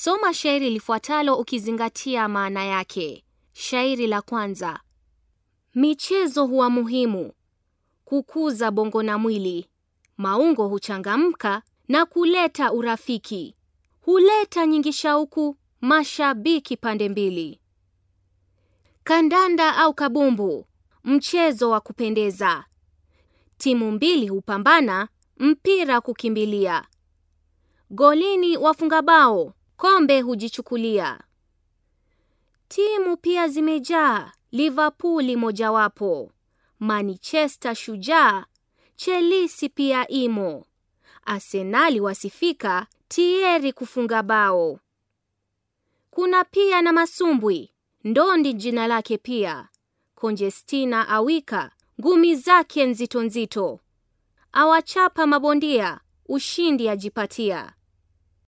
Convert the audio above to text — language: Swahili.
Soma shairi lifuatalo ukizingatia maana yake. Shairi la kwanza. Michezo huwa muhimu kukuza bongo na mwili, maungo huchangamka na kuleta urafiki, huleta nyingi shauku, mashabiki pande mbili. Kandanda au kabumbu, mchezo wa kupendeza, timu mbili hupambana, mpira kukimbilia, golini wafunga bao kombe hujichukulia. Timu pia zimejaa, Liverpool mojawapo, Manchester shujaa, chelisi pia imo. Arsenali wasifika, tieri kufunga bao. Kuna pia na masumbwi, ndondi jina lake pia. konjestina awika, ngumi zake nzito nzito. Awachapa mabondia, ushindi ajipatia.